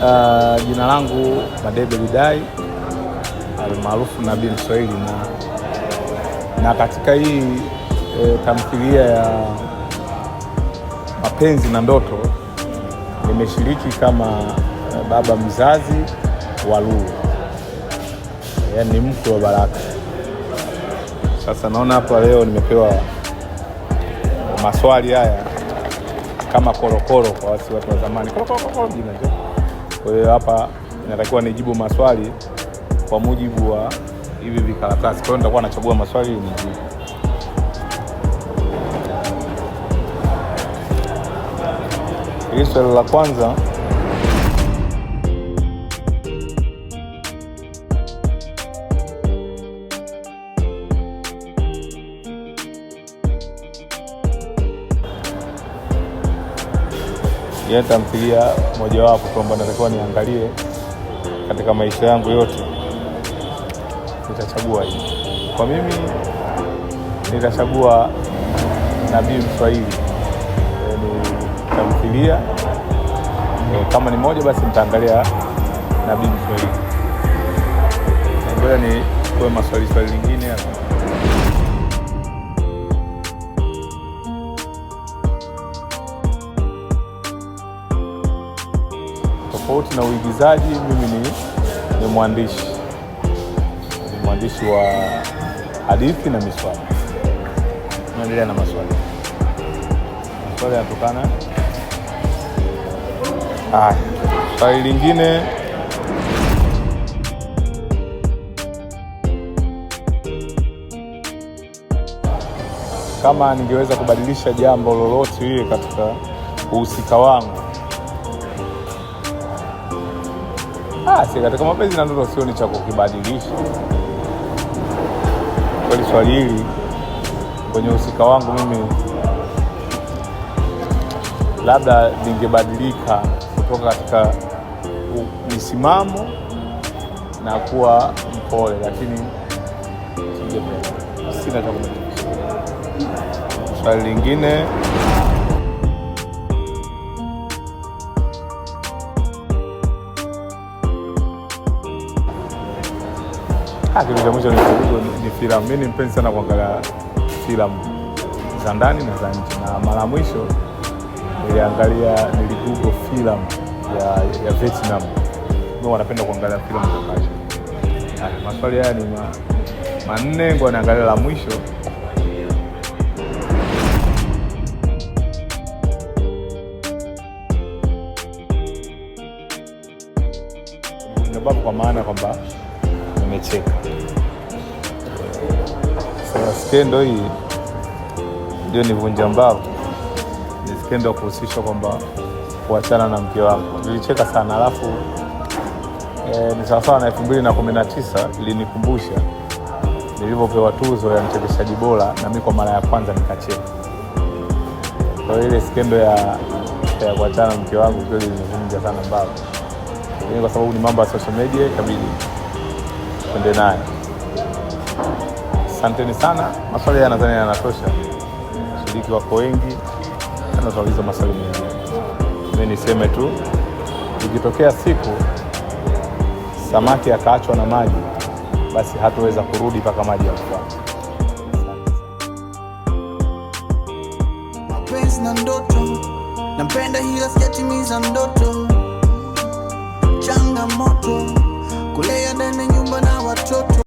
Uh, jina langu Madebe Lidai almaarufu Nabii Mswahili, na, na katika hii e, tamthilia ya mapenzi na ndoto nimeshiriki kama e, baba mzazi wa Lulu, yaani eh, ni wa Baraka. Sasa naona hapa leo nimepewa maswali haya kama korokoro kwa wasi watu wa zamani korokoro jina kwa hiyo hapa inatakiwa nijibu maswali kwa mujibu wa hivi vikaratasi. Kwa hiyo nitakuwa nachagua maswali ni nijibu. Hili swali la kwanza yeye tamthilia mojawapo kwamba natakiwa niangalie katika maisha yangu yote, nitachagua hii. Kwa mimi nitachagua Nabii Mswahili, e, ni e, kama ni moja basi nitaangalia Nabii Mswahili. Ngoja ni kuwe maswali swali lingine tofauti na uigizaji, mimi ni, ni mwandishi ni mwandishi wa hadithi na miswali. Naendelea na maswali, maswali yanatokana. Haya, swali lingine kama ningeweza kubadilisha jambo lolote lile katika uhusika wangu Ah, si katika mapenzi na ndoto sioni cha kukibadilisha. Kweli swali hili kwenye uhusika wangu mimi labda ningebadilika kutoka katika misimamo na kuwa mpole, lakini sina cha swali lingine Ah, kitu cha mwisho ni filamu. Mimi ni mpenzi sana kuangalia filamu za ndani na za nje, na mara mwisho niliangalia, niligugo filamu ya, ya Vietnam. Mimi wanapenda kuangalia filamu za nje. Maswali haya ni ma, manne ngo naangalia la mwisho kwa maana kwamba nimecheka Sasa skendo hii ndio nivunja mbavu, ni skendo ya kuhusishwa kwamba kuachana na mke wako Nilicheka sana, alafu eh, ni sawasawa na elfu mbili na kumi na tisa ilinikumbusha nilivyopewa tuzo ya mchekeshaji bora, na mimi kwa mara ya kwanza nikacheka. Kwa ile skendo ya ya kuachana na mke wangu kweli ilinivunja sana mbavu, kwa sababu ni mambo ya social media, ikabidi tuende naye. Asanteni sana, maswali haya nadhani yanatosha. Shiriki wako wengi, anatauliza maswali mengine. Mi niseme tu, ikitokea siku samaki akaachwa na maji, basi hatuweza kurudi mpaka maji yafuata. Mapenzi na ndoto, nampenda hiyo sijatimiza ndoto, changamoto kulea ndani nyumba na watoto